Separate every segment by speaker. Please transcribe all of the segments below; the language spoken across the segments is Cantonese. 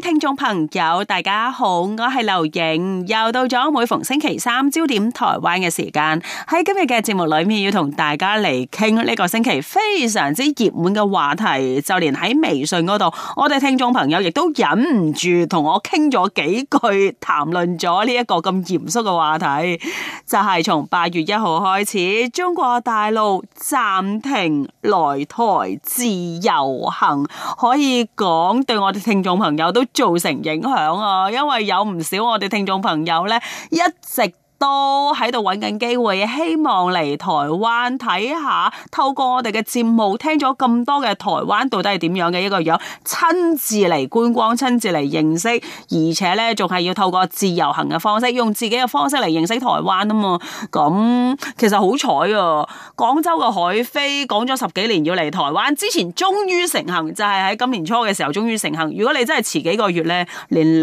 Speaker 1: 聽眾朋友，大家好，我係劉穎，又到咗每逢星期三焦點台灣嘅時間。喺今日嘅節目裏面，要同大家嚟傾呢個星期非常之熱門嘅話題，就連喺微信嗰度，我哋聽眾朋友亦都忍唔住同我傾咗幾句，談論咗呢一個咁嚴肅嘅話題，就係、是、從八月一號開始，中國大陸暫停來台自由行，可以講對我哋聽眾朋友都，造成影響啊，因為有唔少我哋聽眾朋友呢，一直都喺度揾緊機會，希望嚟台灣睇下。透過我哋嘅節目聽咗咁多嘅台灣，到底係點樣嘅一個樣？親自嚟觀光，親自嚟認識，而且呢，仲係要透過自由行嘅方式，用自己嘅方式嚟認識台灣啊嘛。咁其實好彩喎，廣州嘅海飛講咗十幾年要嚟台灣，之前終於成行，就係喺今年初嘅時候終於成行。如果你真係遲幾個月呢，連你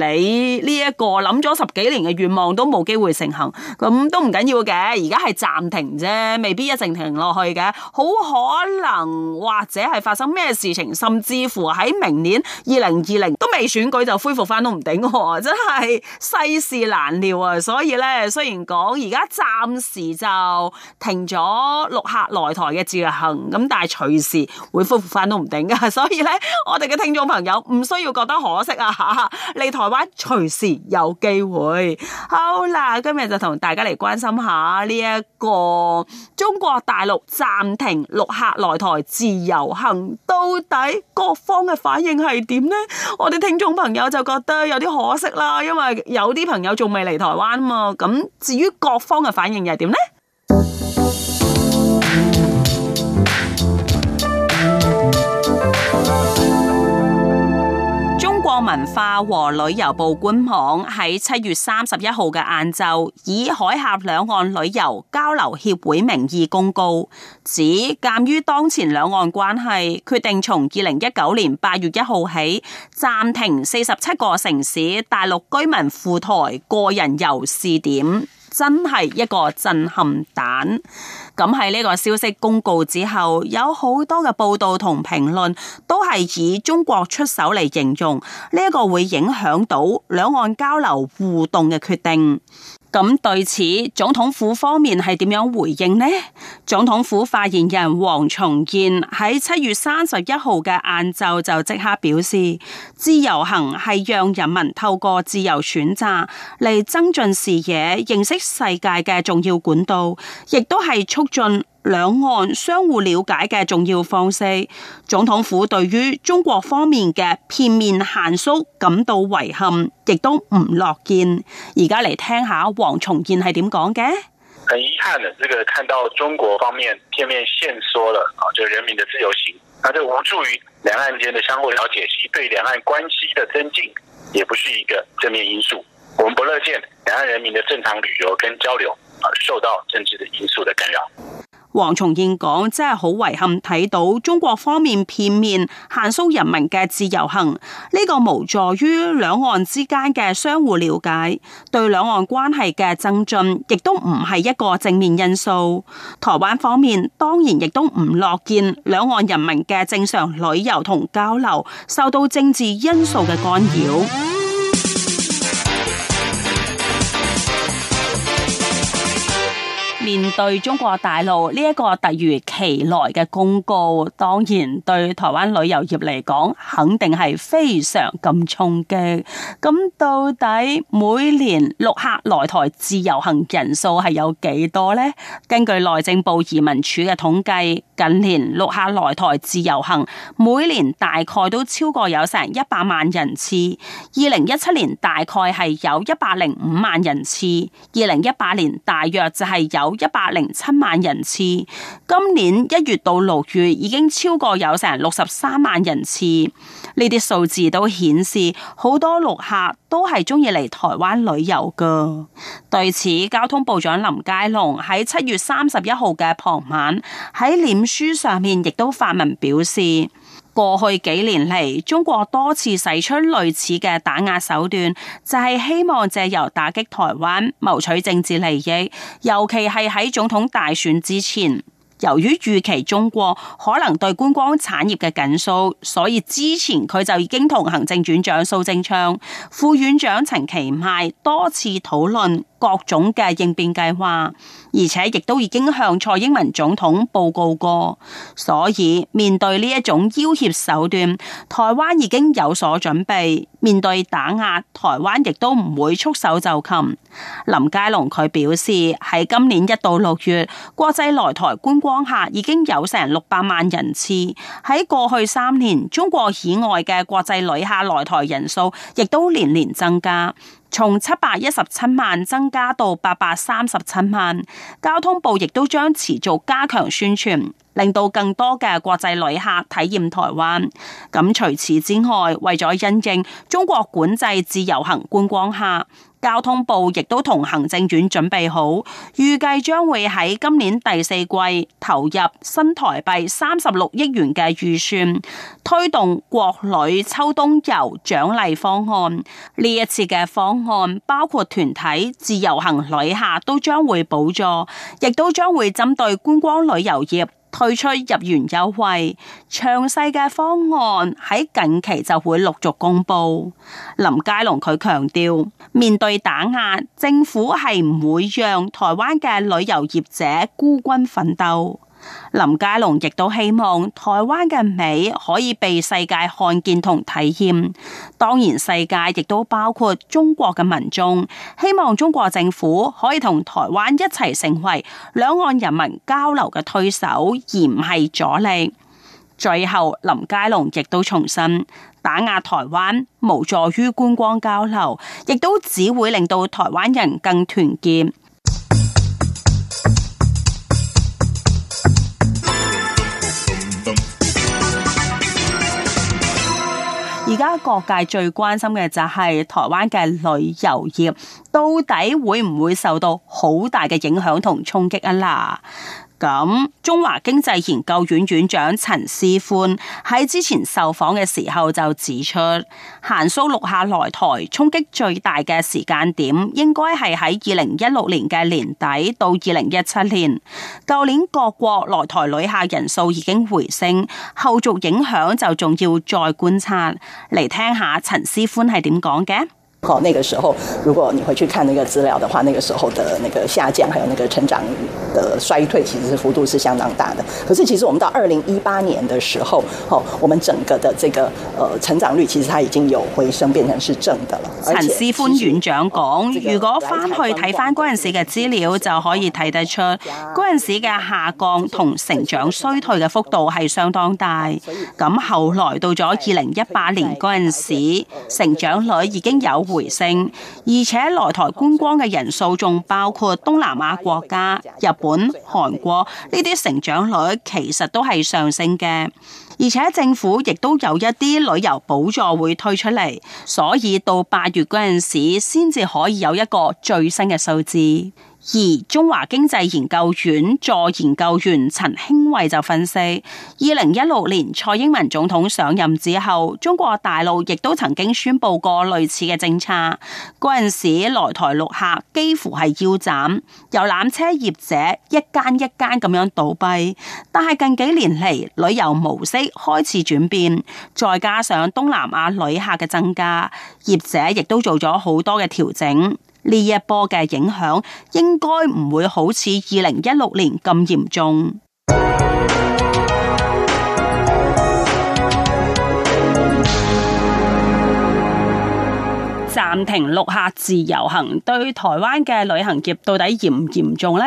Speaker 1: 呢一個諗咗十幾年嘅願望都冇機會成行。咁都唔緊要嘅，而家係暫停啫，未必一直停落去嘅，好可能或者係發生咩事情，甚至乎喺明年二零二零都未選舉就恢復翻都唔定喎，真係世事難料啊！所以呢，雖然講而家暫時就停咗陸客來台嘅自由行，咁但係隨時會恢復翻都唔定噶，所以呢，我哋嘅聽眾朋友唔需要覺得可惜啊！嚟台灣隨時有機會。好啦，今日就同大家嚟關心下呢、這、一個中國大陸暫停陸客來台自由行，到底各方嘅反應係點呢？我哋聽眾朋友就覺得有啲可惜啦，因為有啲朋友仲未嚟台灣嘛。咁至於各方嘅反應又係點呢？文化和旅遊部官網喺七月三十一號嘅晏晝，以海峽兩岸旅遊交流協會名義公告，指鑒於當前兩岸關係，決定從二零一九年八月一號起暫停四十七個城市大陸居民赴台個人遊試點，真係一個震撼彈。咁喺呢個消息公告之後，有好多嘅報道同評論都係以中國出手嚟形容，呢一個會影響到兩岸交流互動嘅決定。咁對此，總統府方面係點樣回應呢？總統府發言人黃重建喺七月三十一號嘅晏晝就即刻表示，自由行係讓人民透過自由選擇嚟增進視野、認識世界嘅重要管道，亦都係促進。兩岸相互了解嘅重要方式，總統府對於中國方面嘅片面限縮感到遺憾，亦都唔樂見。而家嚟聽下黃崇建係點講嘅。很遺憾嘅，這個看到中國方面片面限縮了啊，就是，人民的自由行，那就無助於兩岸之間的相互了解，以及對兩岸關係的增進，也不是一個正面因素。我們不樂見兩岸人民的正常旅遊跟交流啊受到政治的因素的干擾。黃重諺講：真係好遺憾睇到中國方面片面限縮人民嘅自由行，呢個無助於兩岸之間嘅相互了解，對兩岸關係嘅增進亦都唔係一個正面因素。台灣方面當然亦都唔樂見兩岸人民嘅正常旅遊同交流受到政治因素嘅干擾。面對中國大陸呢一個突如其來嘅公告，當然對台灣旅遊業嚟講，肯定係非常咁衝擊。咁到底每年陸客來台自由行人數係有幾多呢？根據內政部移民署嘅統計，近年陸客來台自由行每年大概都超過有成一百萬人次。二零一七年大概係有一百零五萬人次，二零一八年大約就係有。一百零七萬人次，今年一月到六月已經超過有成六十三萬人次，呢啲數字都顯示好多陸客都係中意嚟台灣旅遊噶。對此，交通部長林佳龍喺七月三十一號嘅傍晚喺臉書上面亦都發文表示。過去幾年嚟，中國多次使出類似嘅打壓手段，就係、是、希望借由打擊台灣，謀取政治利益。尤其係喺總統大選之前，由於預期中國可能對觀光產業嘅緊縮，所以之前佢就已經同行政院長蘇貞昌、副院長陳其邁多次討論。各種嘅應變計劃，而且亦都已經向蔡英文總統報告過，所以面對呢一種要挾手段，台灣已經有所準備。面對打壓，台灣亦都唔會束手就擒。林佳龍佢表示，喺今年一到六月，國際來台觀光客已經有成六百萬人次。喺過去三年，中國以外嘅國際旅客來台人數亦都年年增加。從七百一十七萬增加到八百三十七萬，交通部亦都將持續加強宣傳。令到更多嘅國際旅客體驗台灣。咁除此之外，為咗因應中國管制自由行觀光客，交通部亦都同行政院準備好，預計將會喺今年第四季投入新台幣三十六億元嘅預算，推動國旅秋冬遊獎勵方案。呢一次嘅方案包括團體自由行旅客都將會補助，亦都將會針對觀光旅遊業。退出入園優惠，詳細嘅方案喺近期就會陸續公布。林佳龍佢強調，面對打壓，政府係唔會讓台灣嘅旅遊業者孤軍奮鬥。林佳龍亦都希望台灣嘅美可以被世界看見同體驗，當然世界亦都包括中國嘅民眾，希望中國政府可以同台灣一齊成為兩岸人民交流嘅推手，而唔係阻力。最後，林佳龍亦都重申，打壓台灣無助於觀光交流，亦都只會令到台灣人更團結。而家各界最關心嘅就係台灣嘅旅遊業到底會唔會受到好大嘅影響同衝擊啊啦？咁，中華經濟研究院院長陳思寬喺之前受訪嘅時候就指出，限縮陸客來台衝擊最大嘅時間點應該係喺二零一六年嘅年底到二零一七年。舊年各國來台旅客人數已經回升，後續影響就仲要再觀察。嚟聽下陳思寬係點講嘅。哦，那個時候如果你回去看那個資料的話，那個時候的那個下降還有那個成長的衰退，其實是幅度是相當大的。可是其實我們到二零一八年的時候，哦，我們整個的這個呃成長率其實它已經有回升，變成是正的了。陳且思寬院長講，如果翻去睇翻陣時嘅資料，就可以睇得出陣時嘅下降同成長衰退嘅幅度係相當大。咁以後來到咗二零一八年陣時，成長率已經有。回升，而且來台觀光嘅人數仲包括東南亞國家、日本、韓國呢啲成長率其實都係上升嘅。而且政府亦都有一啲旅遊補助會推出嚟，所以到八月嗰陣時先至可以有一個最新嘅數字。而中華經濟研究院助研究員陳興偉就分析，二零一六年蔡英文總統上任之後，中國大陸亦都曾經宣布過類似嘅政策。嗰陣時來台陸客幾乎係腰斬，遊覽車業者一間一間咁樣倒閉。但係近幾年嚟，旅遊模式開始轉變，再加上東南亞旅客嘅增加，業者亦都做咗好多嘅調整。呢一波嘅影響應該唔會好似二零一六年咁嚴重。暫停陸客自由行對台灣嘅旅行業到底嚴唔嚴重呢？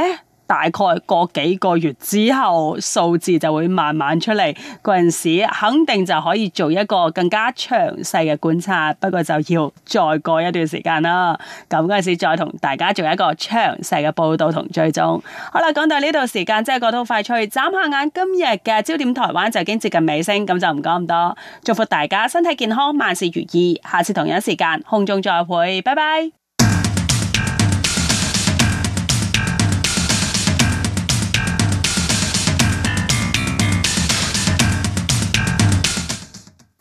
Speaker 1: 大概過幾個月之後，數字就會慢慢出嚟。嗰陣時肯定就可以做一個更加詳細嘅觀察，不過就要再過一段時間啦。咁嗰陣時再同大家做一個詳細嘅報道同追蹤。好啦，講到呢度時間真係過得快脆，眨下眼今日嘅焦點台灣就已經接近尾聲，咁就唔講咁多。祝福大家身體健康，萬事如意。下次同樣時間空中再會，拜拜。